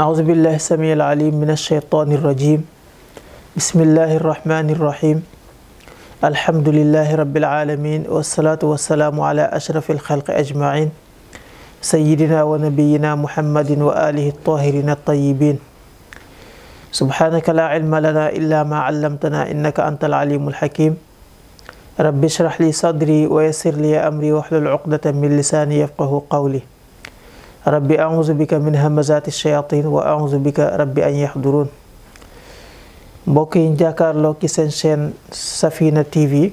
أعوذ بالله السميع العليم من الشيطان الرجيم بسم الله الرحمن الرحيم الحمد لله رب العالمين والصلاة والسلام على أشرف الخلق أجمعين سيدنا ونبينا محمد وآله الطاهرين الطيبين سبحانك لا علم لنا إلا ما علمتنا إنك أنت العليم الحكيم رب اشرح لي صدري ويسر لي أمري واحلل عقدة من لساني يفقه قولي رب أعوذ بك من همزات الشياطين وأعوذ بك رب أن يحضرون mbokk yi jàkkaarloo ci seen chaîne Safina TV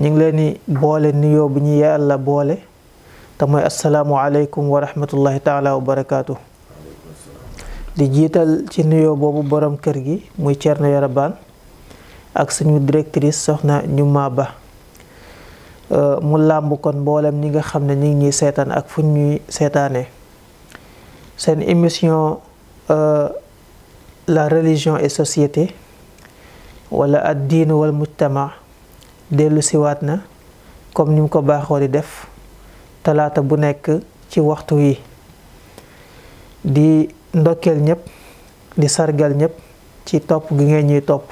ñu ngi leen di boole nuyoo bi ñu yàlla boole te mooy asalaamualeykum wa rahmatullahi taala wa barakaatu. di jiital ci nuyoo boobu borom kër gi muy Thierno Yara Bane ak suñu directrice soxna Ñuma Ba Euh, mu làmb kon mbooleem ñi nga xam ne ñi ngi ñuy seetaan ak fu ñuy seetaanee seen émission euh, la religion et société wala ad diin wal mujtama dellu siwaat na comme ni mu ko baaxoo di def talaata bu nekk ci waxtu yi di ndokkeel ñëpp di sargal ñëpp ci topp gi ngeen ñuy topp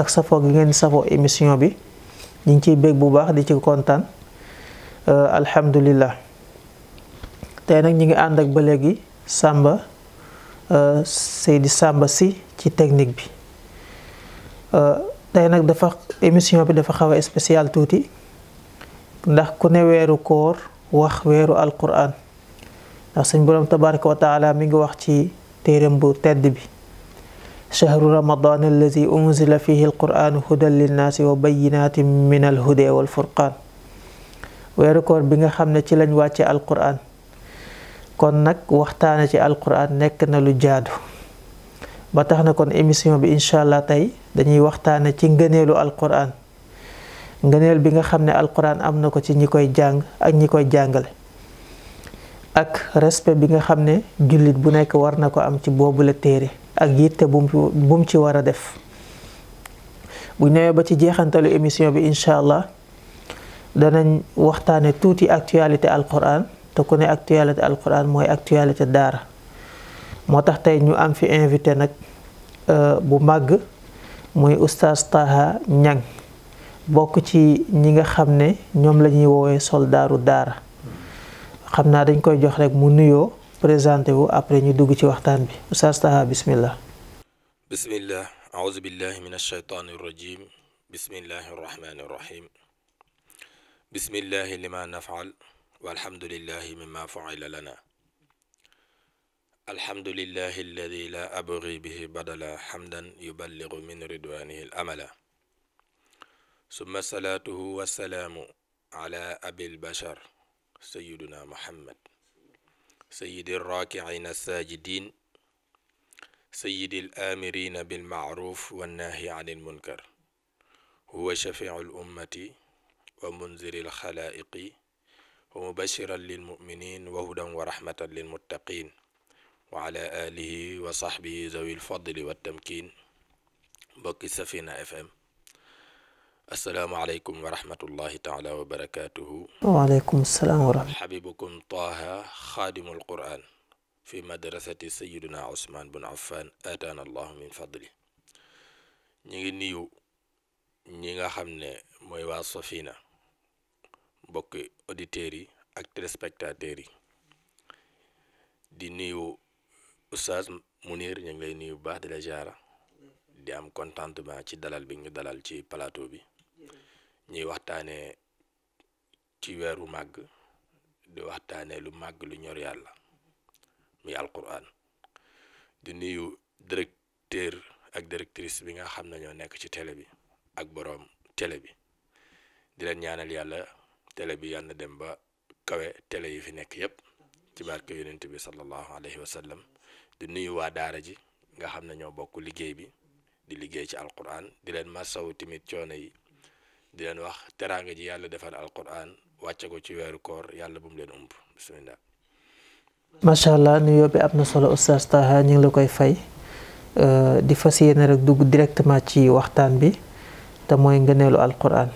ak safoo gi ngeen safoo émission bi ñu ci bëgg bu baax di ci kontaan euh, alhamdulillah tay nak ñi ngi and ak ba légui Samba euh, Seydi Samba si ci technique bi euh, tay nak dafa émission bi dafa xawa spécial touti ndax ku ne wéru koor wax wéru alquran ndax suñ borom tabaraka taala mi ngi wax ci téréem bu tedd bi شهر رمضان الذي أنزل فيه القرآن هدى للناس وبينات من الهدى والفرقان weeru koor bi nga xam ne ci lañ wàcce alquran kon nag waxtaane ci alquran nekk na lu jaadu ba tax na kon émission bi incha allah tey dañuy waxtaane ci ngëneelu alquran ngëneel bi nga xam ne alquran am na ko ci ñi koy jàng ak ñi koy jàngale ak respect bi nga xam ne jullit bu nekk war na ko am ci boobu la téere ak yitte bu mu ci war a def bu ñëwee ba ci jeexantalu émission bi incha allah danañ waxtaane tuuti actualité alquran te ku ne actualité alquran mooy actualité daara moo tax tey ñu am fi invité nag euh, bu màgg muy oustaz Taha Niang bokk ci ñi nga xam ne ñoom lañuy ñuy woowee soldaaru daara xam naa dañ koy jox rek mu nuyoo présenté wu après ñu dugg ci waxtaan bi oustaz Taha bismillah bismillah a'udhu billahi minash shaitani rajim bismillahi arrahmani arrahim bismillahi lima nafal walhamdulillahi mima faala lana alhamdulillahi alladi la abri bihi badala hamdan yuballigu min ridwanihi alamala ثم صلاته والسلام على أبي البشر سيدنا محمد سيد الراكعين الساجدين سيد الآمرين بالمعروف والناهي عن المنكر هو شفيع الأمة ومنذر الخلائق ومبشرا للمؤمنين وهدى ورحمة للمتقين وعلى آله وصحبه ذوي الفضل والتمكين بقي سفينة اف ام السلام عليكم ورحمة الله تعالى وبركاته وعليكم السلام ورحمة حبيبكم طه خادم القرآن في مدرسة سيدنا عثمان بن عفان آتانا الله من فضله نيجي نيو نيجا خمنا موي واصفينا بوكي أوديتيري أك تريسبكتاتيري دي نيو أستاذ منير نيجي نيو بعد الأجارة دي أم كونتانتو ما تشي دلال بي نيو دلال تشي بلاتو بي ñuy waxtaanee ci weeru màgg di waxtaanee lu màgg lu ñor yàlla muy alquran di nuyu directeur ak directrice bi nga xam ne ñoo nekk ci télé bi ak boroom télé bi di leen ñaanal yàlla télé bi yàlla dem ba kawe télé yi fi nekk yépp ci barke yonent bi sallallahu alayhi wa sallam di nuyu waa daara ji nga xam ne ñoo bokk liggéey bi di liggéey ci alquran di leen masawu timit coono yi di leen wax teraanga ji yàlla defal alquran wàcce ko ci weeru koor yàlla bu mu leen umb bisimilah. macha allah nuyoo bi am na solo Oustaz Taha ñu ngi la koy fay euh, di fas yéene rek dugg directement ci waxtaan bi te mooy ngëneelu alquran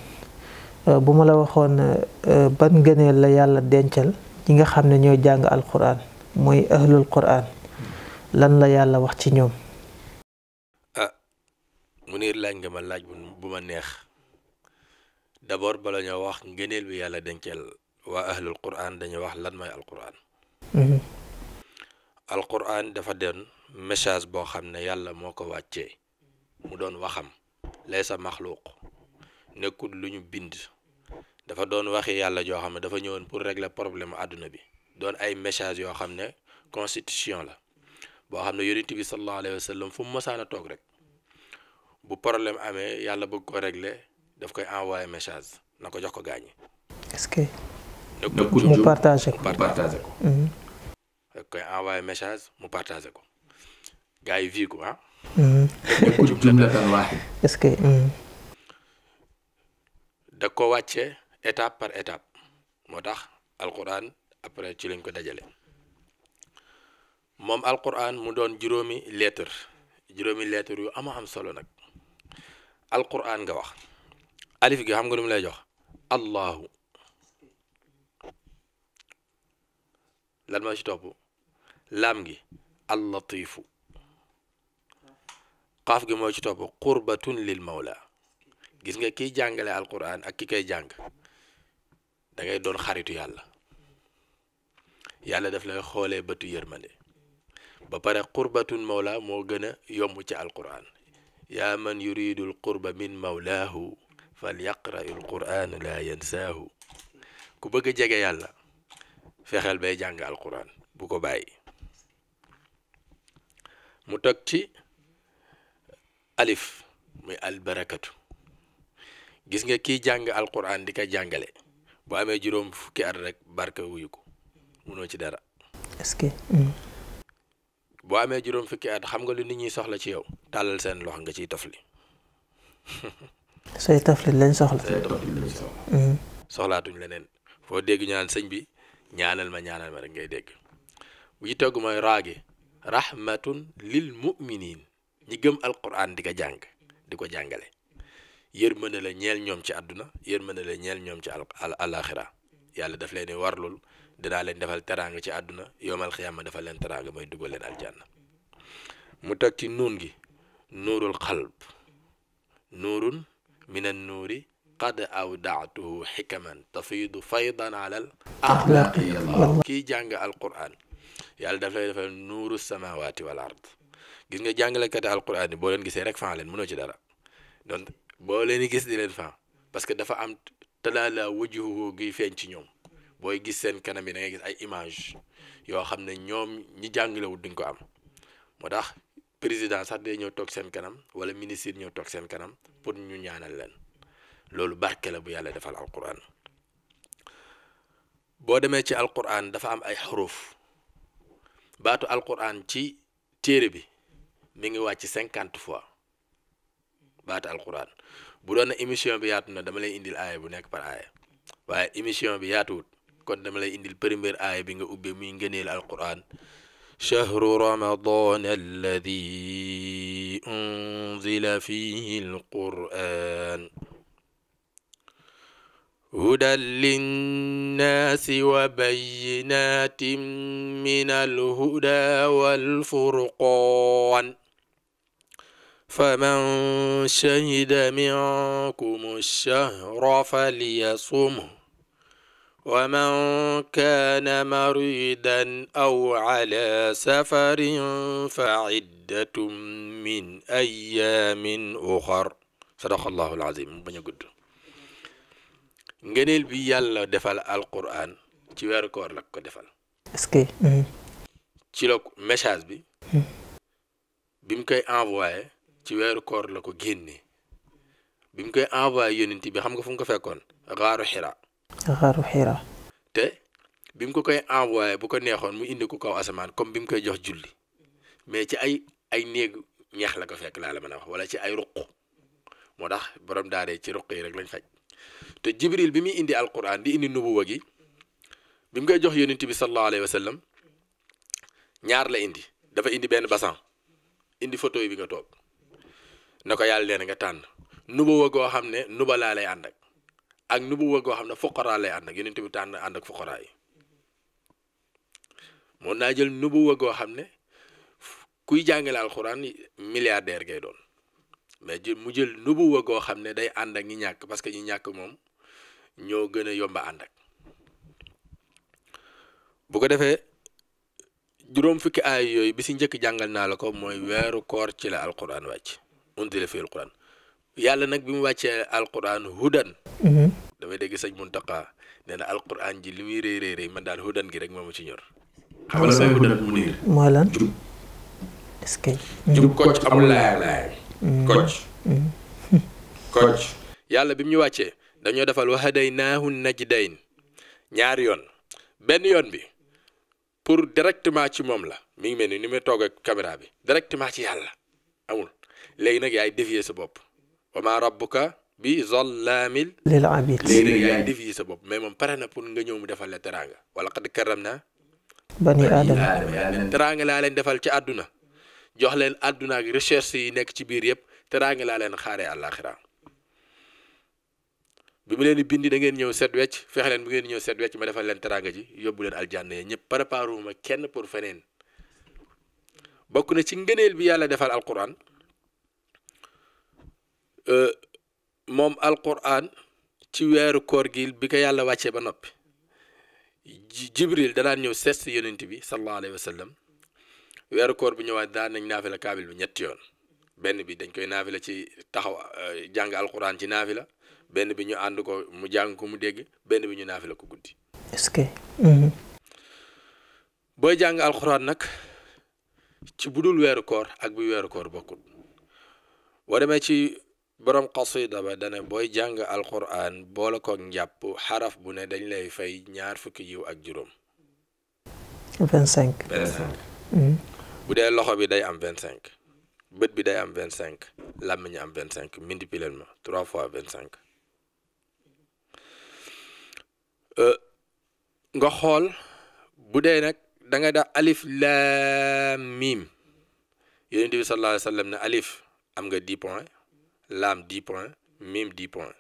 euh, bu ma la waxoon euh, ban ngëneel la yàlla dencal ñi nga xam ne ñooy jàng alquran mooy ahlul quran lan la yàlla wax ci ñoom. ah ma laaj ma neex. d'abord ba ñoo wax ngëneel bi yàlla denceel waa ahlul quran dañuy wax lan mooy alquran mhm. alquran dafa doon message boo xam ne yàlla moo ko wàccee mu doon waxam sa maxluuq nekkul lu ñu bind dafa doon waxi yàlla joo xam ne dafa ñëwoon pour régler problème àdduna bi doon ay message yoo xam ne constitution la boo xam ne yonent bi sallallahu alayhi fu mu mosaan toog rek bu problème amee yàlla bëgg ko régler daf koy envoyé message na ko jox ko gaañi. est-ce que. mu partagé ko mu partagé ko. Mhm. envoyé message mu partagé ko yi vie ko ah. Mhm. ce que. Mhm. da ko wàccee étape par étape moo tax alquran après ci lañ ko dajale moom alquran mu doon juróomi lettre juróomi lettre yu ama am solo nag alquran nga wax. alif gi xam nga lu mu lay jox allahu lan moo ci topp laam gi allatifu qaaf gi moo ci topp qurbatun lil mawla gis nga kiy jàngale alquran ak ki kay jàng dangay doon xaritu yàlla yàlla def lay xoolee bëtu yërmande ba pare qurbatun mawla moo gën a yomb ci alquran yaa man yuridu alqurba min mawlaahu fal yaqra'u alquran laa yansaahu ku bëgg a jege yàlla fexeel bay jàng alquran bu ko bàyyi mu teg ci alif muy albarakatu gis nga kiy jàng alquran di ko jàngale boo amee juróom fukki at rek barka wuyu munoo ci dara. Hmm. boo amee juróom fukki at xam nga lu nit ñuy soxla ci yow tàllal seen loxo nga ciy tofli say taflit lañ soxla. say taflit lañ soxla. Mm-hmm. soxlaatuñ leneen foo dégg ñu naan sëñ bi ñaanal ma ñaanal ma rek ngay dégg bu ci togg mooy raa gi rahmatun lil muminin ñi gëm alquran di ko jàng di ko jàngale yërmande la ñeel ñoom ci àdduna yërmande la ñeel ñoom ci al alaxira yàlla daf leen warlul dinaa leen defal teraanga ci àdduna yoomal xiyaama defal leen teraanga mooy dugal leen aljanna mu teg ci nuun gi nuurul xalb nuurun من النور قد أودعته حكما تفيض فيضا على الأخلاقية الله كي جانج القرآن yàlla daf lay defal nuuru samawaati wal ard gis nga jàngalekati alquran yi boo leen gisee rek fan leen mënoo ci dara donc boo leen di gis di leen fan parce que dafa am talaala wajuhu gi feeñ ci ñoom booy gis seen kanam yi da ngay gis ay image yoo xam ne ñoom ñi jàngalewul duñ ko am moo tax président sax day ñëw toog seen kanam wala ministre ñëw toog seen kanam pour ñu ñaanal leen loolu barke la bu yàlla defal alquran boo demee ci alquran dafa am ay xaruf baatu alquran ci téere bi mi ngi wàcc cinquante fois baatu alquran bu doon émission bi yaatu na dama lay indil aaya bu nekk par aaya waaye émission bi yaatuwut kon dama lay indil première aaya bi nga ubbee muy ngëneel alquran شهر رمضان الذي أنزل فيه القرآن هدى للناس وبينات من الهدى والفرقان فمن شهد منكم الشهر فليصمه ومن كان مريدا او على سفر فعده من ايام اخر صدق الله العظيم بني غد نغنيل بي يالا ديفال القران تي وير كور لا كو ديفال اسكي تي لو ميساج بي بيم كاي انفواي كور لا كو غيني بيم كاي انفواي يونتي بي خمغا غار حراء xaaru xiira te bi mu ko koy envoyé bu ko neexoon mu indi ko kaw asamaan comme bi mu koy jox julli mais ci ay ay néegu ñeex la ko fekk laa la mën a wax wala ci ay ruq moo tax borom daaree ci ruq yi rek lañ faj te jibril bi muy indi alquran di indi nubuwa gi bi koy jox yonent bi sallallahu alayhi wa sallam ñaar la indi dafa indi benn basan indi photo yi bi nga toog na ko yàlla na nga tànn nubuwa goo xam ne nuba laa lay ànd ak ak nubuwa goo xam ne foqaraa lay ànd ak yonent bi tànn ak foqaraa yi naa jël nubu goo xam ne kuy jàngale alxuraan milliardaire gay doon mais mu jël nubu goo xam ne day ànd ak ñi ñàkk parce que ñi ñàkk moom ñoo gën a yomba a ànd ak bu ko defee juróom fukki aay yooyu bi si njëkk jàngal naa la ko mooy weeru koor ci la alxuraan wàcc unzila fiihi alxuraan yàlla nag bi mu wàccee alquran hudan mhm. damay dégg sëñ Muntaqa nee na alquran ji li muy rëy rëy rëy man daal hudan gi rek moom ci ñor sa hudan mu niir mooy lan jub est amul laaya laaya mhm. kocc mhm. kocc yàlla bi mu ñu wàccee dañoo defal wa hadaynaahu najdayn ñaari yoon benn yoon bi pour directement ci moom la mu ngi mel ni ni may toog ak caméra bi directement ci yàlla amul léegi nag yaay dévier sa bopp wa maa rabbuka bi zallaamil lil abid léegi bopp mais moom pare na pour nga ñëw mu defal la teraanga wala qad karam naa bani aadama teraanga laa leen defal ci àdduna jox leen àdduna ak recherche yi nekk ci biir yëpp teraanga laa leen xaaree àllaaxira bi mu leen di bindi da ngeen ñëw set wecc fexe leen bu ngeen ñëw set wecc ma defal leen teraanga ji yóbbu leen aljanna yi ñëpp préparé ma kenn pour feneen bokk na ci ngëneel bi yàlla defal alquran Euh, moom alquran ci weeru koor gi bi ko yàlla wàccee ba noppi jibril danaan ñëw seet si yonent bi sallallahu alayhi weeru koor bu ñëwaat daan nañ naafila kaabil bi ñetti yoon benn bi dañ koy naafila ci taxaw euh, jàng alquran ci naafila benn bi ñu ànd ko mu jàng ko mu dégg benn bi ñu naafila ko guddi. est-ce que. Mm-hmm. booy nag ci budul weeru koor ak bu weeru koor bokkul boo demee ci. boroom xasida ba dana booy jàng alquran boole ko njàpp xaraf bu ne dañ lay fay ñaar fukki yiw ak juróom. Hmm. bu dee loxo bi day am 25. bët bi day am 25. làmmiñ am 25 multiplier ma 3 fois 25. Euh, nga xool bu dee nag da nga def alif laam miim yonent bi sallallahu alayhi ne alif am nga 10 points. laam 10 points miim 10 points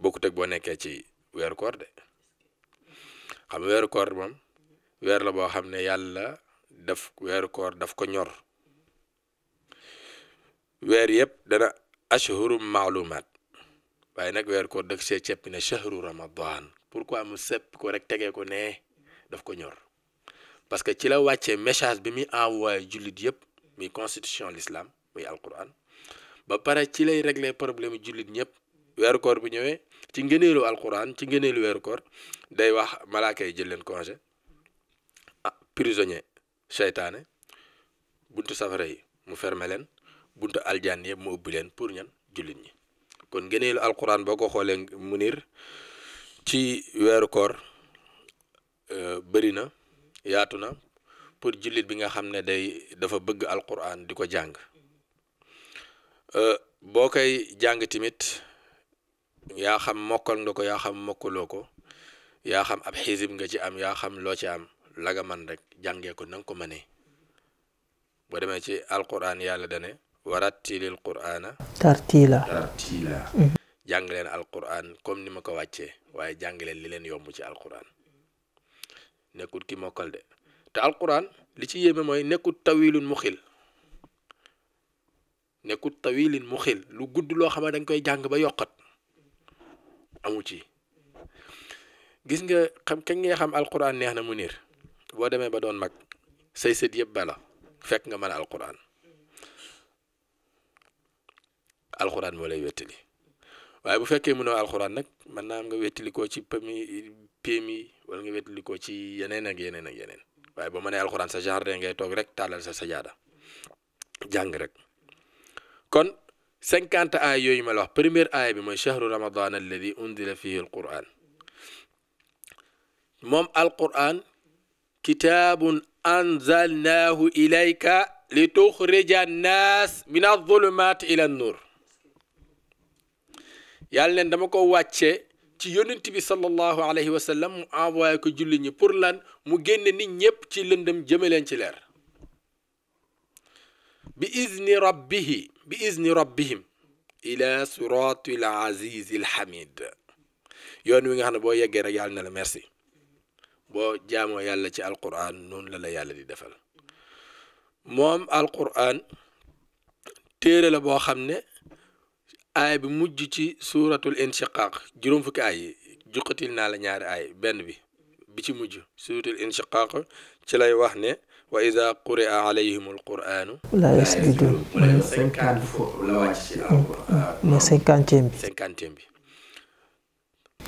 bokkut ak boo nekkee ci weeru de xam weeru koor moom weer la boo xam ne yàlla daf weeru koor daf ko ñor weer yëpp dana ashhuru maalumaat waaye nag weeru koor dëkk see ceppi ne shahru ramadan pourquoi mu sepp ko rek tegee ko nee daf ko ñor parce que ci la wàccee message bi muy envoyé jullit yëpp muy constitution l'islam muy alquran ba pare ci lay régler problème julit ñep weeru koor bu ñëwé ci ngëneelu alcorane ci ngëneelu weeru koor day wax malaaka yi jël leen congé ah prisonnier shaytané buntu safara yi mu fermé leen buntu aljaan mu ubbi leen pour ñan julit ñi kon ngëneelu alcorane boko xolé munir ci weeru koor euh na yaatuna pour julit bi nga xam day dafa bëgg alcorane di jang Euh, boo koy jàng tamit yaa xam mokkal nga ko yaa xam mokkaloo ko yaa xam ab xisib nga ci am yaa xam loo ci am la man rek jàngee ko na ko mane boo demee ci alquran yàlla dane warattilil qur'aana tartiila tartiila mhm. jàng leen alquran comme ni ma ko wàccee waaye jàng leen li leen yomb ci alquran nekkut ki mokkal de te alquran li ci yéeme mooy nekkut tawiilun muxil nekkut tawilin mu xil lu gudd loo xam ne da koy jàng ba yokkat amu ci gis nga xam kañ ngay xam alquran neex na mu niir boo demee ba doon mag say sët yëpp bala fekk nga mën a alquran alquran moo lay wettali waaye bu fekkee mënoo alquran nag mën naa am nga wettali koo ci pami PMI wala nga wettali ko ci yeneen ak yeneen ak yeneen waaye boo ba mënee alquran sa jardin ngay toog rek taalal sa sajaada jàng rek. كون 50 آية يوي ما لوح بريمير آية بمن شهر رمضان الذي أنزل فيه القرآن مم القرآن كتاب أنزلناه إليك لتخرج الناس من الظلمات إلى النور يالن يعني دمكو واتشي ci yonent bi sallallahu alayhi wa sallam mu envoyé ko julli ñi pour lan mu génne ni ñepp ci lëndëm jëmeleen ci leer bi izni rabbihi بإذن ربهم إلى صراط العزيز الحميد يون ويغا خنا بو ييغي رك يالنا لا ميرسي بو جامو يالا سي القران نون لا لا يالا دي دفال موم القران تيري لا بو خامني آي بي موجي سي سورة الانشقاق جيروم فك آي جوختيل نالا نياار آي بن بي بي سي موجي سورة الانشقاق تي لاي واخ وإذا قرئ عليهم القرآن لا يسجدون ما سنكان تيمبي سنكان تيمبي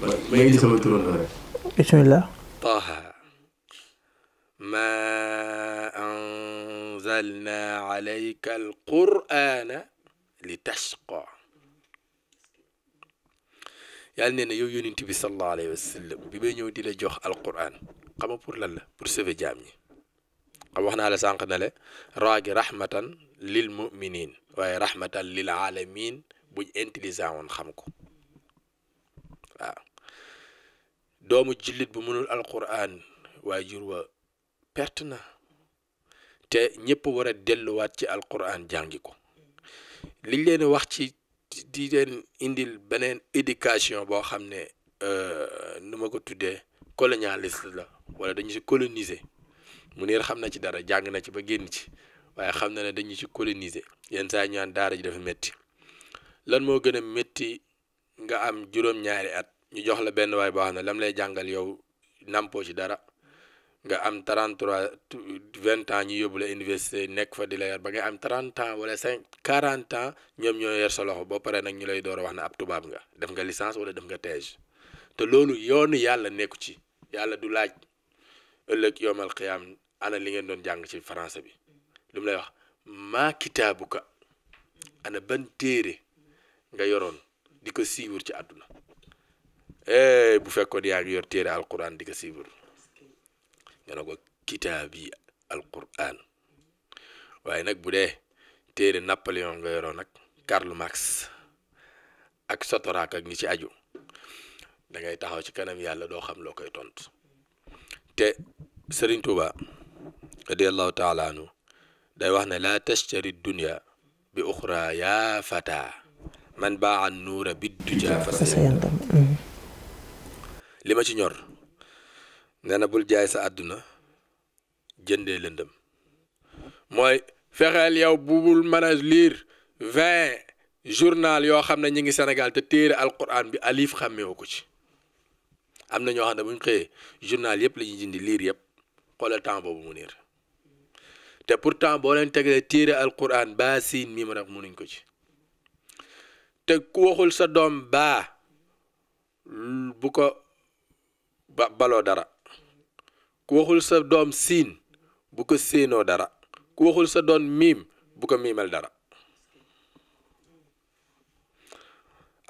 ما يسجدون بسم الله طه ما أنزلنا عليك القرآن لتشقى يعني أنا يو يو تبي صلى الله عليه وسلم بيبين يودي لجوخ القرآن قام بور لالا بور سيفي جامعي xam wax naa la sànq ne le raa gi rahmatan lil muminin waaye rahmatan lil alamin buñ intelligent woon xam ko waaw doomu jullit bu mënul alquran waaye jur wa perte na te ñëpp war a delluwaat ci alquran jàngi ko liñ leen wax ci di leen indil beneen éducation boo xam ne euh, nu ma ko tuddee colonialiste la wala dañu si coloniser mu Munir xam na ci dara jàng na ci ba génn ci waaye xam na ne dañu ci coloniser yenn saa ñu naan daara ji dafa métti lan moo gën a métti nga am juróom-ñaari at ñu jox la benn waay boo xam ne lam lay jàngal yow nampo ci dara nga am 33 20 ans ñu yóbbu la université nekk fa di la ba nga am 30 ans wala 5 40 ans ñoom ñoo yor sa loxo boo paree nag ñu lay door a wax na ab tubaab nga def nga licence wala def nga thèse te loolu yoonu yàlla nekku ci yàlla du laaj ëllëg yoomal xiyaam ana li ngeen doon jàng ci français bi lu lay wax maa kitaabuka ana ban téere nga yoroon di ko siiwur ci àdduna eh bu fekkoon yaa ngi yor téere alquran di ko siiwur nga ne ko kitaab yi alquran waaye nag bu dee téere Napoléon nga yoroon nag Karl Marx ak Sotorak ak ñi ci aju dangay taxaw ci kanam yàlla doo xam loo koy tontu te Serigne Touba. رضي الله تعالى عنه داي واخنا لا تشتري الدنيا باخرى يا فتى من باع النور بالدجا فسينتم لما تي نانا بول جاي سا ادنا جندي لندم موي فخال ياو بوبول ماناج لير 20 journal yo xamne ñi ngi senegal te téré alquran bi alif xamé wu ko ci amna ño xamne buñ xé journal yépp lañu jindi lire yépp xolal temps bobu mu nir te pourtant boo leen tegalee téere alquran baa siin miim rek munuñ ko ci teg ku waxul sa doom baa bu ko baloo dara ku waxul sa doom siin bu ko séenoo dara ku waxul sa doom miim bu ko miimal dara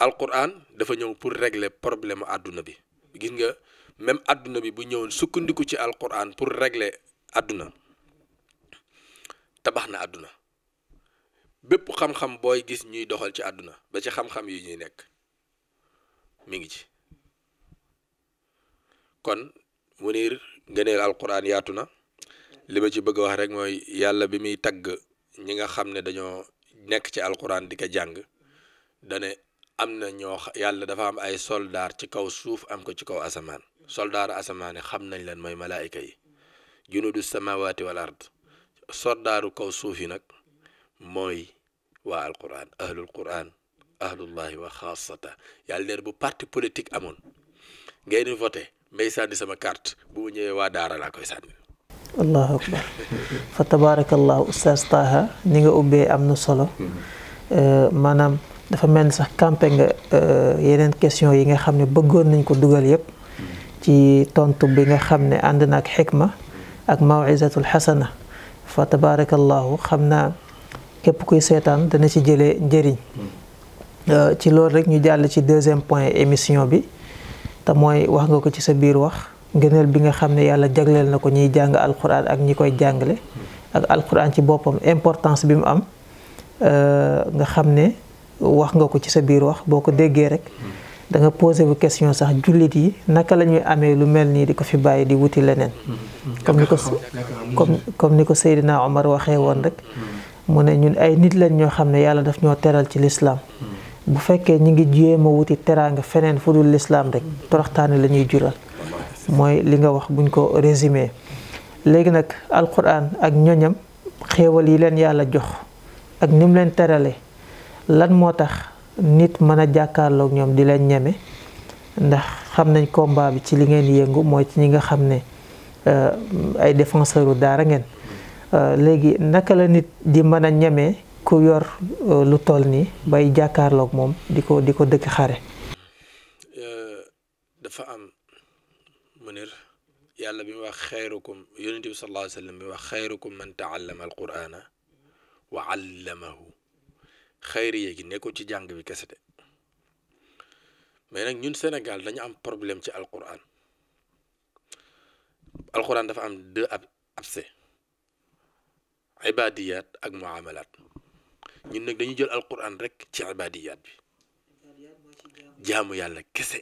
alquran dafa ñëw pour régler problème àdduna bi gis nga même àdduna bi bu ñëwoon sukkandiku ci alquran pour régler àdduna tabax na àdduna bépp xam-xam booy gis ñuy doxal ci àdduna ba ci xam-xam yi ñuy nekk mi ngi ci kon Munir ngëneel alquran yaatu na li ma ci bëgg wax rek mooy yàlla bi muy tagg ñi nga xam ne dañoo nekk ci alquran di ko jàng dane am na ñoo yàlla dafa am ay soldaar ci kaw suuf am ko ci kaw asamaan soldaar asamaan yi xam nañ leen mooy malaayika yi junudu samawaati wal ard soldaaru kaw suuf nag mooy waa alquran ahlul quran ahlullahi wa xaasata yàlla neen bu parti politique amoon ngay ni voté may sànni sama carte bu mu ñëwee waa daara laa koy sànni allahu akbar fa tabarakallahu ustaz Taha ni nga ubbee am na solo euh, maanaam dafa mel ni sax campé nga euh, yeneen question yi nga xam ne bëggoon nañ ko dugal yépp ci tontu bi nga xam ne ànd nak ak xikma ak mawizatul xasana fa tabaarakallaahu xam naa képp kuy seetaan dana ci jëlee njëriñ hmm. euh, ci loolu rek ñu jàll ci deuxième point émission bi te mooy wax nga ko ci sa biir wax gëneel bi nga xam ne yàlla jagleel na ko ñuy jàng alxuraan ak ñi koy jàngale hmm. ak alquran ci boppam importance bi mu am euh, nga xam ne wax nga ko ci sa biir wax boo ko déggee rek hmm. danga nga posé bu question sax jullit yi naka la ñuy amee lu mel nii di ko fi bàyyi di wuti leneen comme ni ko comme comme ni ko Seydina Omar waxee woon rek mu ne ñun ay nit lañ ñoo xam ne yàlla daf ñoo teral ci lislaam bu fekkee ñu ngi jéem a wuti teraanga feneen fu dul lislaam rek toroxtaane la ñuy jural mooy li nga wax buñ ko résumé léegi nag alquran ak ñoñam xéewal yi leen yàlla jox ak nim leen terale lan moo tax nit mana jakarlo jàkkaarloog di leen ñeme ndax xam nañ combat bi ci li ngeen yëngu moy ci nga xam ne euh, ay défenseur daara ngeen euh, légui naka la nit di mana a ku yor euh, lu toll ni bay jakarlo ak di diko diko ko xare dafa munir yàlla bi wax khairukum yunus sallallahu alaihi wa bi wax khairukum man taallama alqurana wa allamahu xayriye gi nekkul ci jàng bi kese de mais nag ñun Sénégal dañu am problème ci alquran alquran dafa am deux ab abcès ibadiyaat ak muamalaat ñun nag dañu jël alquran rek ci ibadiyaat bi jaamu yàlla kese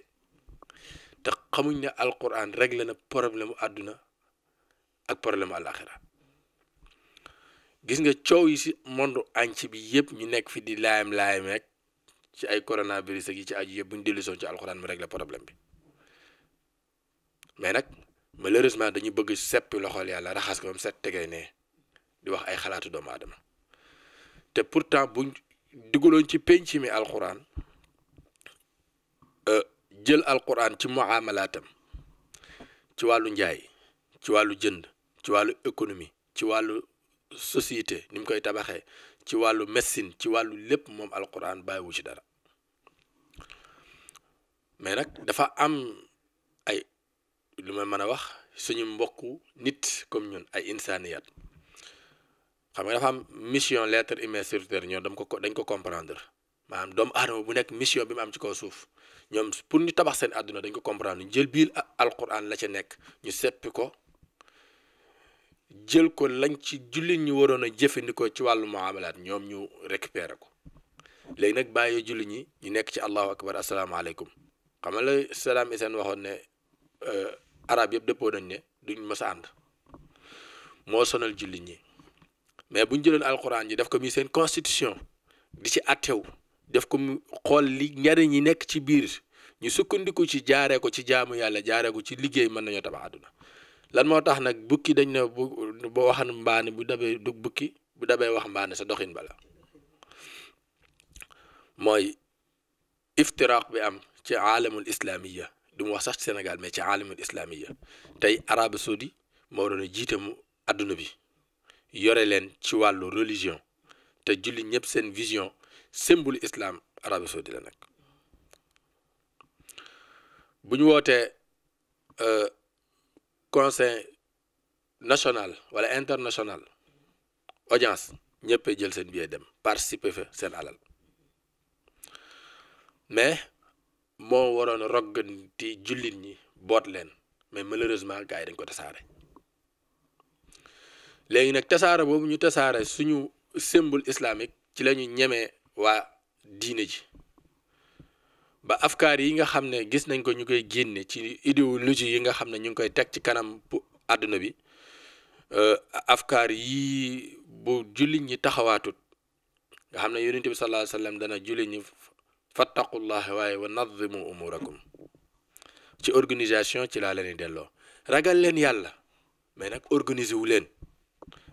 te xamuñ ne alquran réglé na problème mu àdduna ak problème mu àllaaxira gis nga coow yi si monde enc bi yëpp ñu nekk fi di laayam laayam rek ci ay coronavirus ak yi ci aju yëpp bu ñu dellusoon ci alxuraan mu la problème bi mais nag malheureusement dañu bëgg seppi loxol yàlla raxas ko ba mu set tegee ne di wax ay xalaatu doomu adama te pourtant buñ dugaloon ci penc mi alxuraan euh, jël alxuraan ci muamalaatam ci wàllu njaay ci wàllu jënd ci wàllu économie ci wàllu. société ni mu koy tabaxee ci wàllu médecine ci wàllu lépp moom alquran bàyyiwu ci dara mais nag dafa am ay lu ma mën a wax suñu mbokku nit comme ñun ay insaniyat xam nga dafa am mission l'être humain sur terre ñoom ko dañ ko comprendre maanaam doomu aadama bu nekk mission bi mu am ci kaw suuf ñoom pour ñu tabax seen àdduna dañ ko comprendre ñu jël biir alquran la ci nekk ñu seppi ko jël ko lañ ci jullit ñi waroon a jëfandikoo ci wàllu muamalaat ñoom ñu récupéré ko léegi nag bàyyi jullit ñi ñu nekk ci allahu akbar asalaamaaleykum xam nga la salaam seen waxoon ne euh, arab yëpp dëppoo nañ ne duñ mës a ànd moo sonal jullit ñi mais buñ jëloon alquran ji def ko muy seen constitution di ci attew def ko mu xool li njariñ ñi nekk ci biir ñu sukkandiku ci jaaree ko ci jaamu yàlla jaaree ko ci liggéey mën nañoo tama àdduna lan moo tax nag bukki dañ ne bu bu waxan mbaane bu dabee du bukki bu dabee wax mbaane sa doxin bala mooy iftiraq bi am ci aalamul islamiya dumu wax sax ci Sénégal mais ci aalamul islamiya tey arabe saudi moo doon jiite mu adduna bi yore leen ci wàllu religion te julli ñëpp seen vision symbole islam arabe saudi la nag bu wootee euh, conseil national wala international audience ñëpp jël seen billet dem participer fa seen alal mais moo waroon rogganti jullit ñi boot leen mais malheureusement gars yi dañ ko tasaare léegi nag tasaare boobu ñu tasaare suñu symbole islamique ci la ñu ñemee waa diine ji ba afkaar yi nga xam ne gis nañ ko ñu koy génne ci idéologie yi nga xam ne ñu ngi koy teg ci kanam àdduna bi euh, afkaar yi bu jullit ñi taxawaatut nga xam ne yonent bi sallallahu alayhi wa sallam dana jullit ñi fattaqullaha waaye wa nazimu umurakum ci organisation ci laa leen delloo ragal leen yàlla mais nag organiser wu leen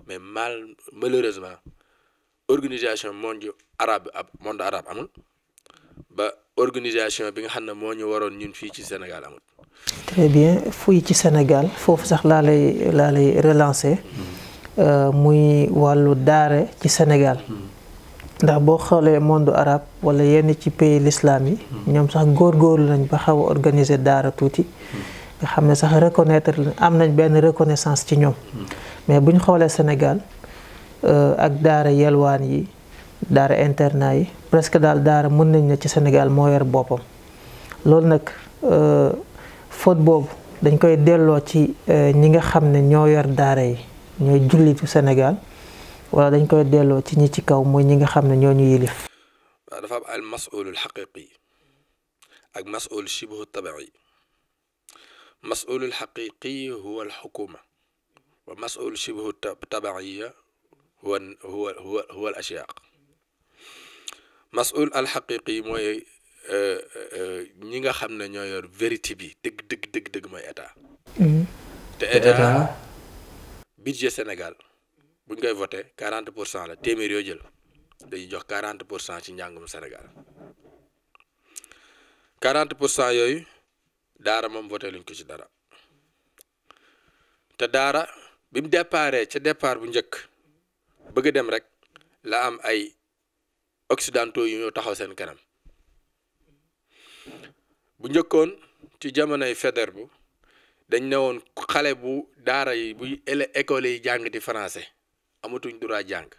mais mal malheureusement organisation monde arabe ab monde arabe amul ba organisation bi nga xam ne moo ñu waroon ñun fii ci Sénégal amut. très bien fuy ci Sénégal foofu sax laa lay laa lay euh, muy wàllu daara ci Sénégal ndax boo xoolee monde arabe wala yenn ci pays lislaam yi ñoom sax góor góorgóorlu nañ ba xaw a organiser daara tuuti nga xam ne sax reconnaître am nañ benn reconnaissance ci ñoom mais buñ xoolee Sénégal euh, ak daara yelwaan yi دار انترناي برسك دال دار مونيني تي سنغال موير بوبام لول نك فوت بوب دنج كاي ديلو تي نيغا خامن نيو يور داراي نيو جولي تو سنغال ولا دنج كاي ديلو تي ني تي كاو موي نيغا خامن نيو ني يليف دا فاب المسؤول الحقيقي اك مسؤول شبه الطبيعي مسؤول الحقيقي هو الحكومه ومسؤول شبه الطبيعي هو هو هو, هو الاشياء masul alxaqiqi mooy euh, euh, ñi nga xam ne ñoo yor vérité bi dëgg dëgg dëgg dëgg mooy état. Mm-hmm. te état budget Sénégal buñ koy voté quarante pour cent la téeméer yoo jël dañuy jox quarante pour cent ci njàngum Sénégal quarante pour yooyu daara moom voté luñ ko ci dara te daara bi mu déparé départ bu njëkk bëgg dem rek la am ay. occidentaux yi ñoo taxaw seen kanam bu njëkkoon ci jamonoy Faidherbe dañ ne woon xale bu daara yi buy école yi jàng di français amatuñ droit jàng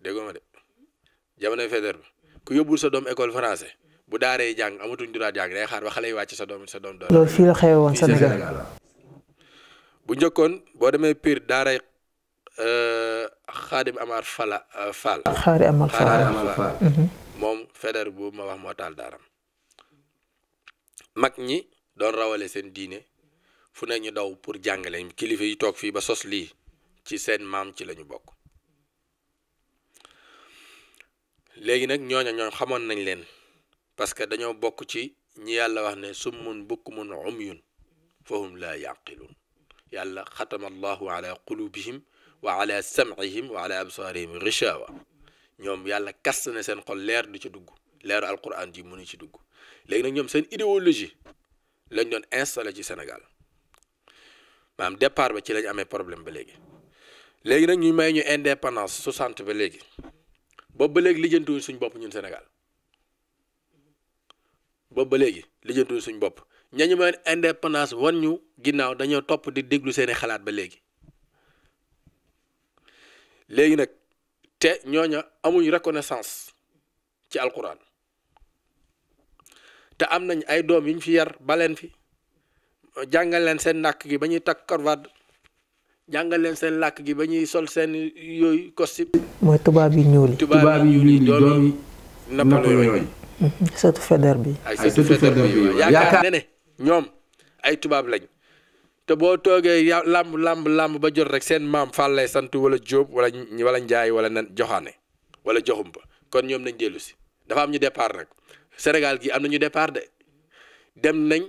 dégg ma de jamonoy Faidherbe ku yóbbul sa doom école français bu daara yi jàng amatuñ droit jàng day xaar ba xale yi wàcc sa doom sa doom. bu njëkkoon boo demee Pire daaray xaadim Amar Fala euh, Fall. xaari Amar Fall mm-hmm. Mm-hmm. moom feder boobu ma wax moo taal daaram mag ñi doon rawale seen diine fu ne ñu daw pour jàngale kilifa yi toog fii ba sos lii ci seen maam ci lañu bokk léegi nag ñooña ñooñ xamoon nañ leen parce que dañoo bokk ci ñi yàlla wax ne summun bukmun umyun fahum laa yaqilun yàlla xatama allahu qulubihim wa ala sam'ihim wa ala absaarihim rishawa ñoom yàlla kast na seen xol leer du ci dugg leeru alquran ji mënu ci dugg léegi nag ñoom seen idéologie lañ doon installé ci senegal maanaam départ ba ci lañ amee problème ba léegi léegi nag ñu may ñu indépendance 60 ba léegi boobu ba léegi lijjantiwuñ suñ bopp ñun Sénégal boobu ba léegi lijjantiwuñ suñ bopp ñañu may indépendance wan ñu ginnaaw dañoo topp di déglu seeni xalaat ba léegi léegi nag te ñooña amuñ reconnaissance ci alquran te am nañ ay doom yuñ fi yar baleen fi jàngal leen seen nàkk gi ba ñuy takk cravate jàngal seen làkk gi ba ñuy sol seen yooyu costume mooy tubaab yi ñuul yi tubaab yi ñuul yi doom mm-hmm. bi ay surtout Faidherbe ne ñoom ay tubaab lañ te boo toogee ya làmb làmb làmb ba jot rek seen maam fàllee sant wala jóob wala wala njaay wala nan joxaane wala joxum ba kon ñoom nañ dellusi si dafa am ñu départ nag Sénégal gi am na ñu départ dem nañ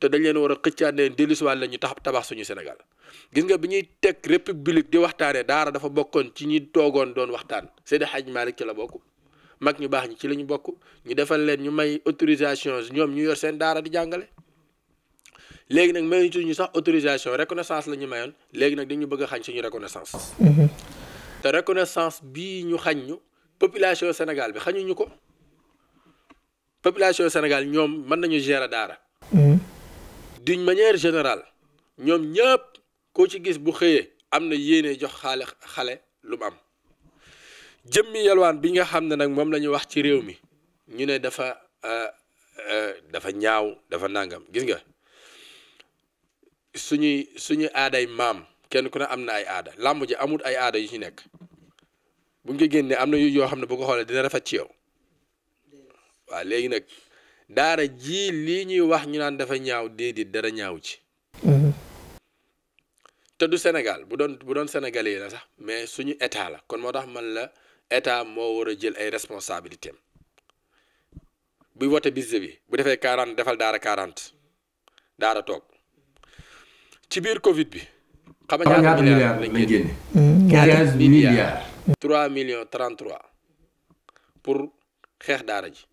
te dañ leen war a xëccaat ne dellu si la ñu tax tabax suñu Sénégal gis nga bi ñuy teg république di waxtaanee daara dafa bokkoon ci ñi toogoon doon waxtaan Seydi xaj Malick ci la bokk mag ñu baax ñu ci la ñu bokk ñu defal leen ñu may autorisation ñoom ñu yor seen daara di jàngale. léegi nag mayuñu ñu sax autorisation reconnaissance la ñu mayoon léegi nag dañu bëgg a xañ suñu reconnaissance. Mm-hmm. te reconnaissance bii ñu xañ ñu population Sénégal bi xañuñu ko population Sénégal ñoom mën nañu gérer daara. Mm-hmm. d'une manière générale ñoom ñëpp koo ci gis bu xëyee am na yéene jox xaale xale lu am jëmmi yalwaan bi nga xam ne nag moom la ñu wax ci réew mi ñu ne dafa euh, euh, dafa ñaaw dafa nangam gis nga. suñuy suñuy aaday maam kenn ku ne am na ay aada làmb ji amul ay aada yu ci nekk bu nga génnee am na yu yoo xam ne bu ko xoolee dina rafet ci yow waaw léegi nag daara jii lii ñuy wax ñu naan dafa ñaaw déedéet dara ñaaw ci te du Sénégal bu doon bu doon sénégalais la sax mais suñu état la kon moo tax man la état moo war a jël ay responsabilités buy wote bis bi bu defee quarante defal daara quarante daara toog ci biir Covid bi. xam nga ñaata milliards lañ génne ñaata 15 milliards. 3 millions pour xeex daara ji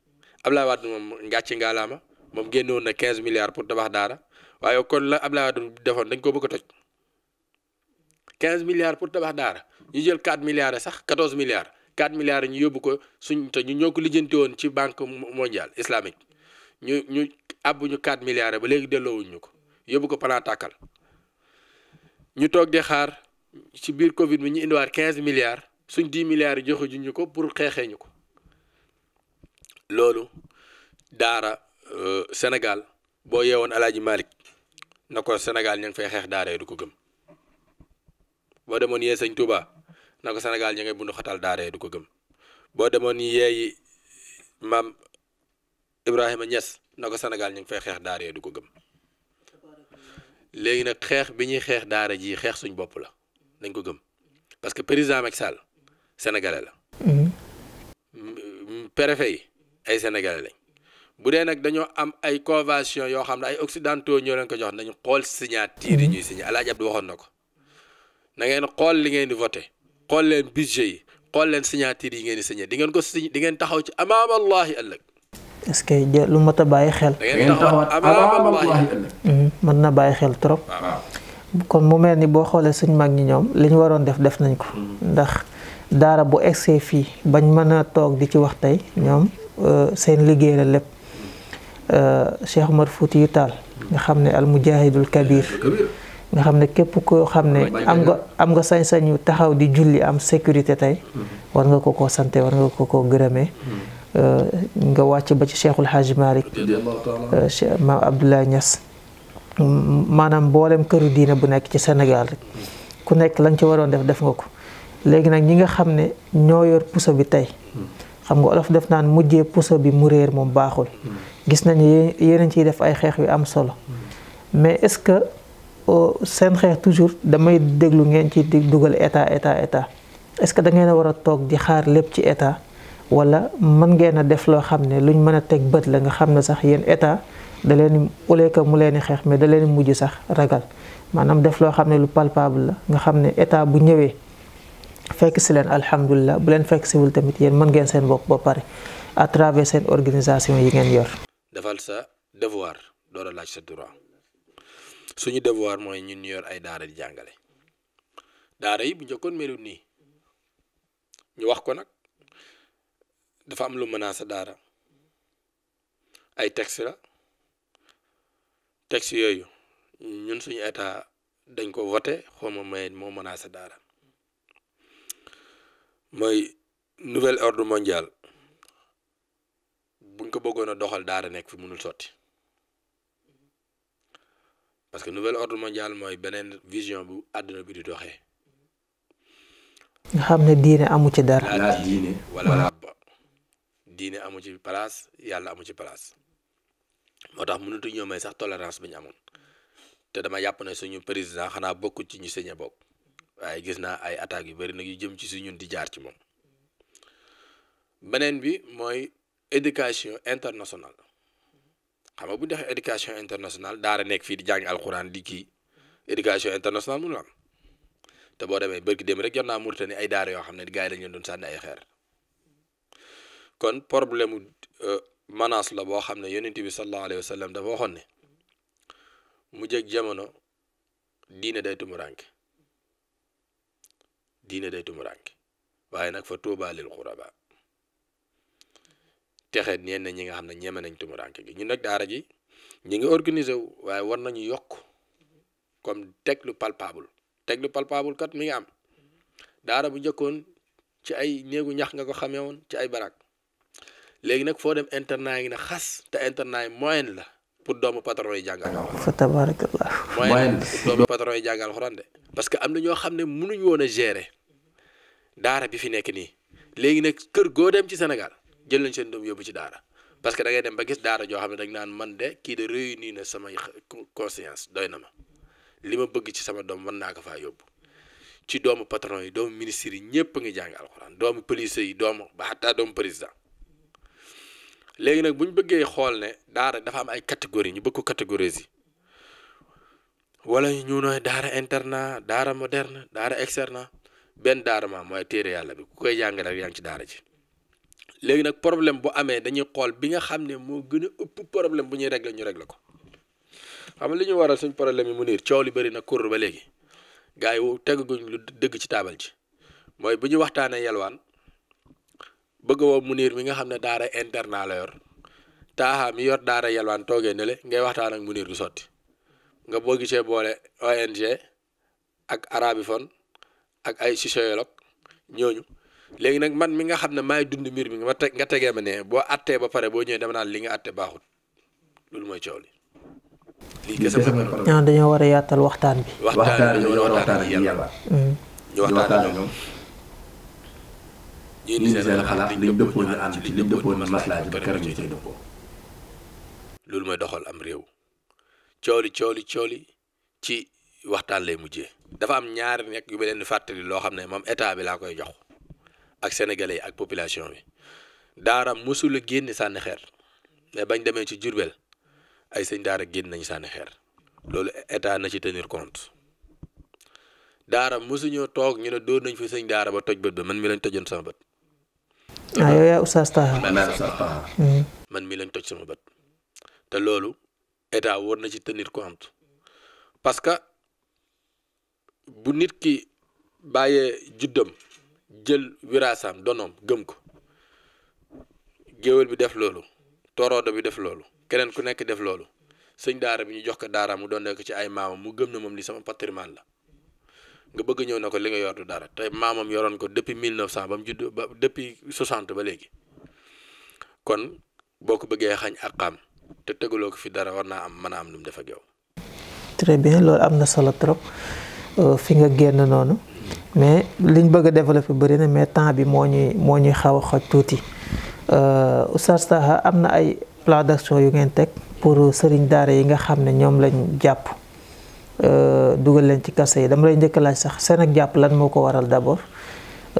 Abdoulaye Wade moom ngàcci ngaalaama moom génnoon na 15 milliards pour tabax daara waaye kon la Abdoulaye Wade defoon dañ ko bëgg a toj 15 milliards pour tabax daara ñu jël 4 milliards sax 14 milliards 4 milliards ñu yóbbu ko suñ te ñu ñoo ko lijjanti woon ci banque mondiale islamique ñu ñu àbbuñu 4 milliards ba léegi delloowuñ ñu ko yóbbu ko plan tàkkal ñu toog di xaar ci biir Covid bi ñu indiwaat quinze milliards suñ dix milliards yi joxe ju ñu ko pour xeexee ñu ko loolu daara euh, Sénégal boo yeewoon El Hadj Malick na ko Sénégal ña ngi fay xeex daara du ko gëm boo demoon yee sëñ na ko Sénégal ña ngay bundu xatal du ko gëm boo demoon yeeyi maam Ibrahima Niass na ko Sénégal ña ngi fay xeex daara du ko gëm. léegi nag xeex bi ñuy xeex daara ji xeex suñ bopp la dañ ko gëm parce que président Macky Sall sénégalais la. Mm-hmm. préfet yi ay sénégalais lañ bu dee nag dañoo am ay convention yoo xam ne ay occidentaux ñoo leen ko jox nañu xool signature yi mm-hmm. ñuy signé waxoon na ko na ngeen xool li ngeen di voté xool leen budget yi xool leen signature yi ngeen di di ngeen ko signé di ngeen taxaw ci amaamallahi ëllëg. a bàyyi xel. mën na bàyyi xel trop kon mu mel ni boo xoolee suñ mag ñi ñoom li ñu waroon def def nañ ko ndax daara bu egsee fii bañ mën a di ci wax tey ñoom seen liggéey la lépp Cheikh Omar Foutiyou Tall nga xam al mujahidul kabir nga xam képp koo xam am nga am nga sañ-sañu taxaw di julli am sécurité tay war nga ko ko sante war nga ko koo gërëmee nga wàcc ba ci Cheikhul Hadj cheikh ma Abdoulaye Niass maanaam mboolem këru diine bu nekk ci Sénégal rek ku nekk lañ ci waroon def def nga ko léegi nag ñi nga xam ne ñoo yor puso bi tey xam nga olof def naan mujjee puso bi mu réer moom baaxul gis nañu yeneen ciy def ay xeex yu am solo mais est-ce que euh, seen xeex toujours damay déglu ngeen ci di dugal état état état est-ce que da ngeen war a toog di xaar lépp ci état wala mën ngeen def loo xam ne lu ñu mën a teg bët la nga xam ne sax yéen état da len au lieu que mu leen xex mais da len mujj sax ragal manam def lo xam lu palpable la nga xam ne état bu ñëwee fekk ci len alhamdullah bu len fekk wul tamit yeen mën ngeen seen bok ba pare à travers seen organisation yi ngeen yor. defal sa devoir do la sa droit suñu devoir moy ñun ay daara di jangalé daara yi bu melu ni ñu wax ko nak dafa am lu menace daara ay texte la. texte yooyu ñun suñu état dañ ko voté xawma may moo menacé daara mooy nouvel ordre mondial buñ ko bëggoon a doxal daara nekk fu mënul sotti parce que nouvelle ordre mondial mooy beneen vision bu àdduna bi di doxee nga xam ne diine amu ci dara diine wala diine amu ci place yàlla amu ci place moo tax mënatu ñoo may sax tolérance bi ñu amoon te dama yàpp na suñu président xanaa bokkul ci ñu sañ a bokk waaye gis naa ay attaques yu bari nag yu jëm ci si ñun di jaar ci moom beneen bi mooy éducation international xam nga bu defee éducation internationale daara nekk fii di jàng alxuraan di kii éducation internationale mënul am te boo demee bërki dem rek yon naa Mauritanie ay daara yoo xam ne gars yi dañu doon sànni ay xeer kon problème euh, menace la boo xam ne yonent bi sallallahu alayhi wa sallam dafa waxoon mu jég jamono diine day tumuranke diine day tumuranke waaye nag fa tuuba lil xuraba texe ñenn ñi nga xam ne ñeme nañ tumuranke gi ñun nag daara ji ñu ngi organiser wu waaye war nañu yokk comme teglu lu palpable teg lu kat mi ngi am daara bu njëkkoon ci ay néegu ñax nga ko xamee ci ay barak léegi nag foo dem internat yi na xas te internat yi moyen la pour doomu patron yi jàngal. fa tabarakallah alxuraan de parce que am na ñoo xam ne mënuñu woon a gere daara bi fi nekk nii léegi nag kër goo dem ci Sénégal jël nañ seen doom yóbbu ci daara parce que da ngay dem ba gis daara joo xam ne dañ naan man de kii de réunir na samay conscience doy na ma li ma bëgg ci sama doom mën naa ko faa yóbbu ci doomu patron yi doomu ministre yi ñëpp ngi jàng alxuraan doomu police yi doomu ba xataa léegi nag bu ñu bëggee xool ne daara dafa am ay catégorie ñu bëgg ko yi wala ñu nooy daara internat daara moderne daara externat benn daara ma mooy téere yàlla bi ku koy jàng yaa ngi ci daara ji léegi nag problème bu amee dañuy xool bi nga xam ne moo gën a ëpp problème bu ñuy régler ñu la ko xam li ñu waral suñ poroblème yi mu niir coow li bëri na kur ba léegi gars yi tegaguñ lu dëgg ci taabal ji mooy bu ñu waxtaanee yalwaan bëgg woo Munir mi nga xam ne daara internat la yor taaxaa mi yor daara yelwaan toogee ne le ngay waxtaan ak Munir du nga boo gisee boole ONG ak arabiphone ak ay sociologue ñooñu léegi nag man mi nga xam ne maay dund mbir mi nga teg nga tegee ma ne boo attee ba pare boo ñëwee dama naan li nga atte baaxut loolu mooy coow li. lii kese dañoo war a yaatal waxtaan bi. waxtaan bi dañoo waxtaan ak indi seen xalaat liñ dëppoo ñu ànd ci liñ dëppoo ñu maslaa ci ba keroog loolu mooy doxal am réew cooli cooli cooli ci waxtaan lay mujjee. dafa am ñaari nekk yu ma leen di fàttali loo xam ne moom état bi laa koy jox ak sénégalais yi ak population bi daara mosul a génn sànni xeer mais bañ demee ci Jurbel ay sëñ daara génn nañu sànni xeer loolu état na ci tenir compte daara mosuñoo toog ñu ne dóor nañ fi sëñ daara ba toj bët ba man mi lañ tojoon sama bët. ah yow yaa man yaa Oustaz Taha mm. man mii lañ toj sama bët te loolu état war na ci tenir compte parce que bu nit ki bàyyee juddam jël wiraasaam donoom gëm ko géwél bi def loolu toroodo bi def loolu keneen ku nekk def loolu sëñ daara bi ñu jox ko daaraam mu doon nekk ci ay maamam mu gëm na moom li sama patrimoine la nga bëgg ñëw na ko li nga yor du dara te maamam yoron ko depuis 1900 bam judd ba depuis 60 ba légui kon boo ko bëggee xañ àqam te tegaloo ko fi dara warna am mën am lu mu def ak yow. très bien lool amna solo trop euh, fi nga genn nonu mais liñ bëgg développer bëri na mais temps bi mo ñuy mo ñuy xaw a xoj euh Oustaz Taha amna ay plan d'action yu ngeen tek pour sëriñ daara yi nga xam ñom lañ japp Euh, dugal leen ci kaso yi dama lay njëkk laaj sax seen ak jàpp lan moo ko waral d'abord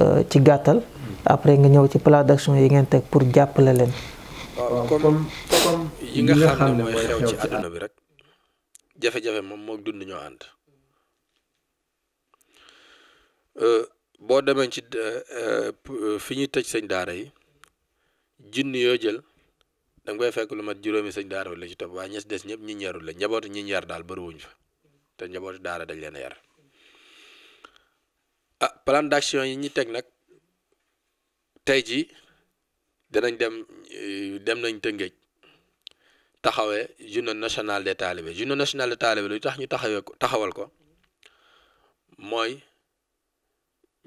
euh, ci gàttal après nga ñëw ci plan d'action yi ngeen teg pour jàpp jàppale leen. waaw comme comme yi bi rek jafe moom moo dund ñoo ànd euh, boo demee ci fi ñuy tëj sëñ daara yi junni yoo jël da nga koy fekk lu mat juróomi sëñ daara la ci topp waaye ñes des ñëpp ñi ñaarul la njaboot ñi ñaar daal bëriwuñ fa. te njabootu daara dañ leen a yar ah plan d'action yi ñi teg nag tey jii danañ dem eh, dem nañ te ngéej taxawee journée nationale des talibés journée nationale des talibés lu tax ñu taxawee ko taxawal ko mooy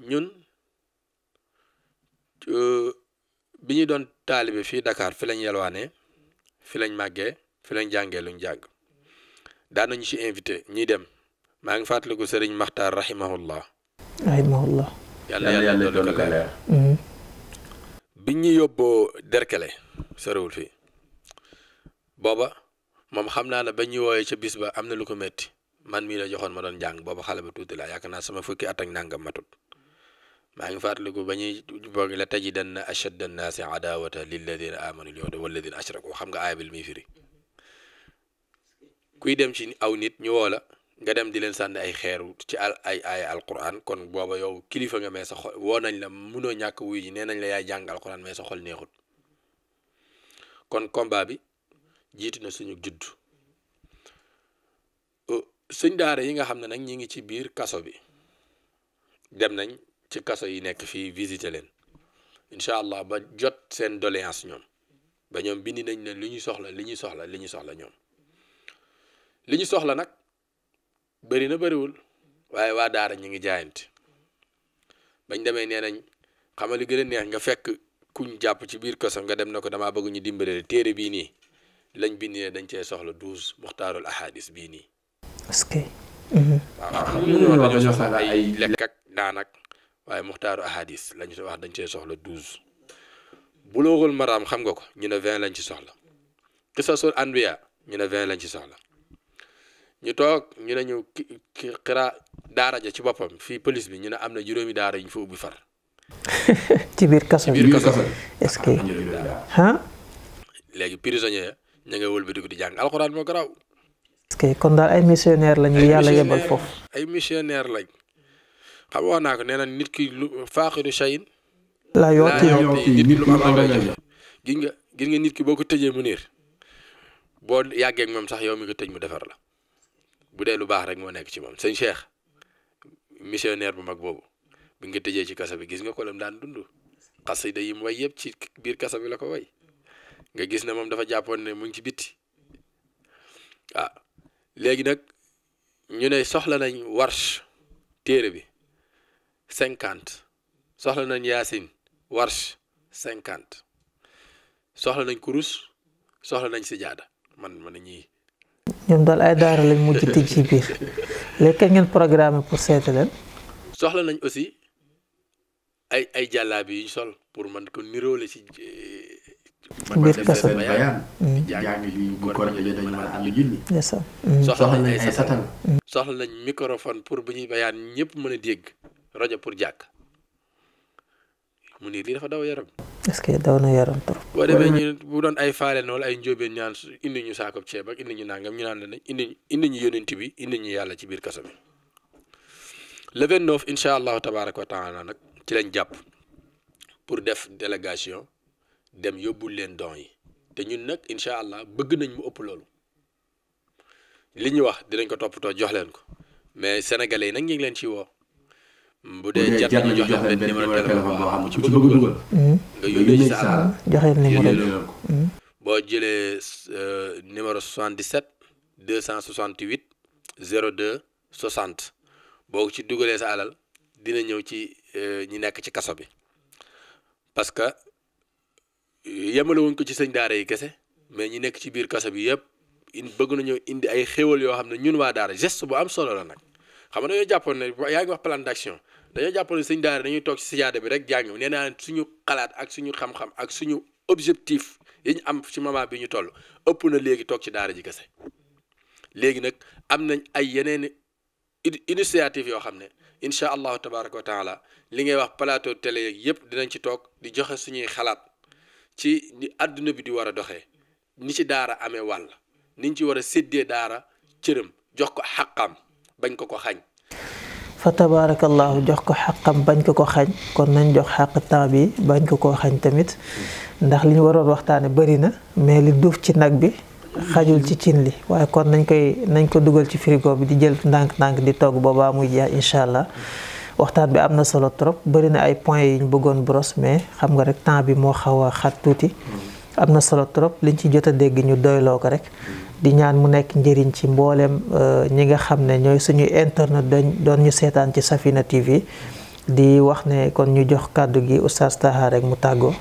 ñun euh, bi ñuy doon taalibe fii dakaar fi lañ yelwaane fi lañ màggee fi lañ jàngee luñ jàng daan nañu ci invité ñuy dem maa ngi fàttaliku sëriñ Maxtaar rahimahullah rahimahullah yàlla yàlla doolu ko leer bi ñu yóbboo derkele sorewul fii booba moom xam naa ne ba ñu wooyee ca bis ba am na lu ko métti man mii la joxoon ma doon jàng booba xale ba tuuti laa yaakaar naa sama fukki at ak nangam matut maa ngi fàttaliku ba ñuy boog la tajidanna ashadda annaasi adawata lilladina amanu al-yahud walladina ashraku xam nga aaya bi li muy firi kuy dem ci aw nit ñu woo la nga dem di leen sànni ay xeeru ci al ay ay alquran kon booba yow kilifa nga mais sa xol woo nañ la munoo ñàkk wuy ji nee nañ la yaay jàng alquran mais sa xol neexut kon komba bi jiitu na suñu judd euh, suñ daara yi nga xam ne nag ñi ngi ci biir kaso bi dem nañ ci kaso yi nekk fii visité leen incha allah ba jot seen doléance ñoom ba ñoom bindi nañ ne li ñuy soxla li ñuy soxla li ñuy soxla ñoom li ñu soxla nag bëri na bëriwul waaye waa daara ñu ngi jaayante bañ demee nee nañ xamal li gën neex nga fekk kuñ jàpp ci biir koso nga dem na ko damaa bëgg ñu dimbale téere bii nii lañ bind dañ cee soxla douze muxtaarul ahadis bii nii. est-ce mhm. waaye muxtaaru ahadis lañ ci wax dañ cee soxla douze. Buluuxul Maraam xam nga ko ñu ne vingt lañ ci soxla. Qisasul Anbiya ñu ne vingt lañ ci soxla. ñu toog ñu ne ñu xira daara ja ci boppam fii police bi ñu ne am na juróomi daara ñu fa ubbi far. ci biir kaso bi ci biir kaso est-ce que ah. léegi prisonnier di jàng alxuraan moo garaaw. est-ce que kon daal ay missionnaire lañ yu yàlla yebal foofu. ay missionnaire lañ xam wax naa ko nee nit ki lu faaxidu shayin. nit ki lu am am joxe gis nit ki boo ko tëjee mu niir boo yàggee ak moom sax yow mi ko tëj mu defar la. bu dee lu baax rek moo nekk ci moom sëñ Cheikh missionnaire bu mag boobu bi nga tëjee ci kaso bi gis nga ko lam daan dund xasida yi mu way yëpp ci biir kaso bi la ko way nga gis ne moom dafa jàppoon ne mu ci bitti waaw ah, léegi nag ñu ne soxla nañ warsh téere bi cinquante soxla nañ yaasin warsh cinquante soxla nañ kurus soxla nañ sijaada man man a ñii ñoom daal ay daara lañ mujj tijj ci biir léegi ngeen programme pour seete soxla nañ aussi ay ay jàllaabi yu sol pour man ko niroole ci. biir kaso bi mm. jàng a ànd julli. Mm. Mm. soxla nañ microphone pour bu ñuy bayaan ñëpp mën a dégg rajo pour jàkk mu ni lii dafa daw yaram. est-ce que boo demee ñu bu doon ay faaleen wala ay njóobeen ñaan indi ñu saako ceeb ak indi ñu nangam ñu naan la ne indi indi ñu yónent bi indi ñu yàlla ci biir kaso bi le 29 incha allah tabaaraka wa taala nag ci lañ jàpp pour def délégation dem yóbbu leen don yi te ñun nag incha allah bëgg nañ mu ëpp loolu li ñu wax dinañ ko toppatoo jox leen ko mais sénégalais yi nag ñu ngi leen ci woo. bu dee jox leen benn numéro téléphone boo xam ci numéro bi mm. boo jëlee euh, numéro 77 268 02 60 boo ci dugalee sa alal dina ñëw ci euh, ñi nekk ci kaso bi parce que yemale wuñ ko ci sëñ daara yi kese mais ñi nekk ci biir kaso bi yëpp in bëgg nañoo indi ay xéwal yoo xam ne ñun waa daara geste bu am solo la nag xam nga dañoo jàppoon ne yaa ngi wax plan d'action dañoo jàpp ne daara dañuy toog ci bi rek jàng nee naa suñu xalaat ak suñu xam ak suñu objectif yi ñu am ci moment bi ñu toll ëpp na léegi toog ci daara ji kese léegi nag am nañ ay yeneeni initiative yoo xam ne incha allahu tabaraka wa taala li ngay wax plateau télé yeeg yëpp dinañ ci toog di joxe suñuy xalaat ci ni àdduna bi di war a doxee ni ci daara amee wàll niñ ci war a séddee daara cërëm jox ko xàqam bañ ko ko xañ fa tabaarakallaahu jox ko xaqam bañ ko ko xañ kon nañ jox xaq temps bi bañ ko koo xañ tamit ndax li ñu waroon waxtaane bëri na mais li duuf ci nag bi xajul ci cin li waaye kon nañ koy nañ ko dugal ci frigo bi di jël ndànk-ndànk di togg boobaa muy jeex incha allah waxtaan bi am na solo trop bëri na ay points yu ñu bëggoon brosse mais xam nga rek temps bi moo xaw a xat tuuti am na solo trop li liñ ci jot a dégg ñu doyloo ko rek di ñaan mu nekk njëriñ ci mboolem euh, ñi nga xam ne ñooy suñu internet doon ñu seetaan ci Safina TV di wax ne kon ñu jox kàddu gi oustaz Taha rek mu tàggoo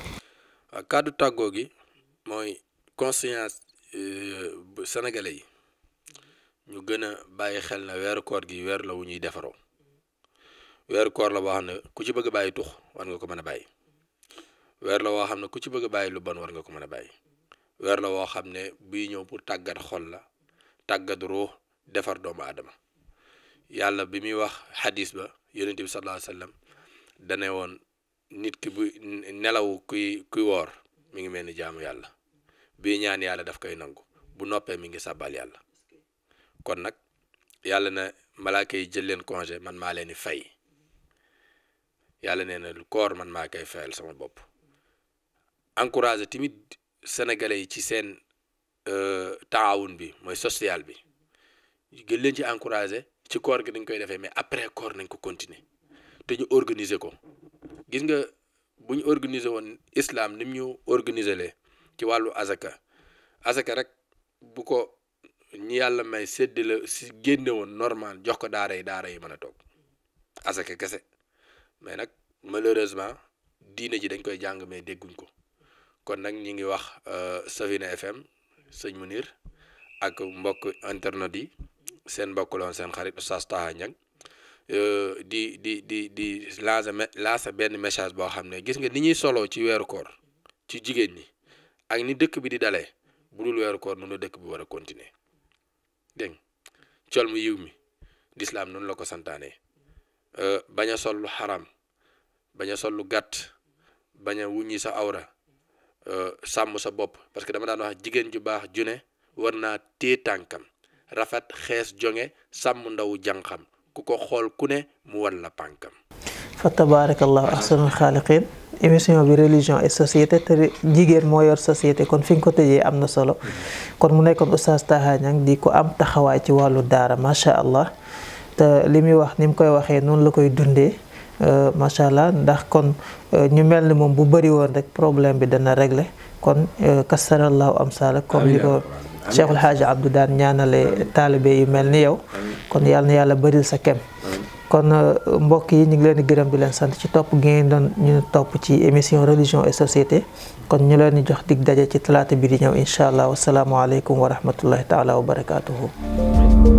kàddu tàggoo gi mooy conscience euh, sénégalais yi ñu gën a bàyyi xel na weeru koor gi weer la wu ñuy defaroo weeru koor la boo xam ne ku ci bëgg bàyyi tux war nga ko mën a bàyyi weer la woo xam ku ci bëgg lu ban war nga ko mën a weer la woo xam ne buy ñëw pour tàggat xol la tàggat ruux defar doomu aadama yàlla bi muy wax xadis ba yonent bi sallallahu alayhi wasallam dane woon nit ki bu nelaw kuy kuy woor mi ngi mel ni jaamu yàlla bii ñaan yàlla daf koy nangu bu noppee mi ngi sàbbal yàlla kon nag yàlla na malaaka yi jël leen congé man maa leen di fay yàlla nee na koor man maa koy fayal sama bopp encouragé timit sénégalais yi ci seen euh, taawun bi mooy sociale bi gën leen ci encouragé ci koor gi dañ koy defee mais après koor nañ ko continuer te ñu organiser ko gis nga bu ñu organiser woon islam ni mu ñu organiser le ci wàllu azaka azaka rek bu ko ñu yàlla may sédd la si woon normal jox ko daara yi daara yi mën a toog azaka kese mais nag malheureusement diine ji dañ koy jàng mais dégguñ ko kon nag ñi ngi wax euh, Safina FM sëñ mënir ak mbokk internet yi seen mbokk loon seen xarit Oustaz Taha Niang euh, di di di di laasa laasa benn message boo xam ne gis nga ni ñuy soloo ci weeru koor ci jigéen ñi ak ni dëkk bi di dalee bu dul weeru koor noonu la dëkk bi war a continuer dégg col mu yiw mi lislaam noonu la ko santaane euh, bañ a sol lu xaram bañ a sol lu gàtt bañ a wuññi sa awra Euh, sàmm sa bopp parce que dama daan wax jigéen ju baax ju ne war naa téye tànkam rafet xees jonge sàmm ndawu jànqam ku ko xool ku ne mu war la pànkam fa tabarakallahu ahsanul xaaliqin émission bi religion et société te jigéen moo yor société kon fi nga ko tëjee am na solo kon mu nekkoon oustaz Taha Niang di ko am taxawaay ci wàllu daara macha allah te li muy wax ni mu koy waxee noonu la koy dundee Euh, macha allah ndax kon euh, ñu mel ni moom bu bëri woon rek problème bi dana réglé kon euh, kasarallaahu am saala comme ko Cheikh El Hadj Abdou daan ñaanale taalibe yu mel ni yow kon yàlla na yàlla bëril sa kem kon mbokk yi ñu ngi leen di gërëm di leen sant ci topp gi ngeen doon ñu topp ci émission religion et société kon ñu leen di jox dig daje ci talaata bi di ñëw incha allah wasalaamualeykum wa rahmatullahi taala wa barakaatuhu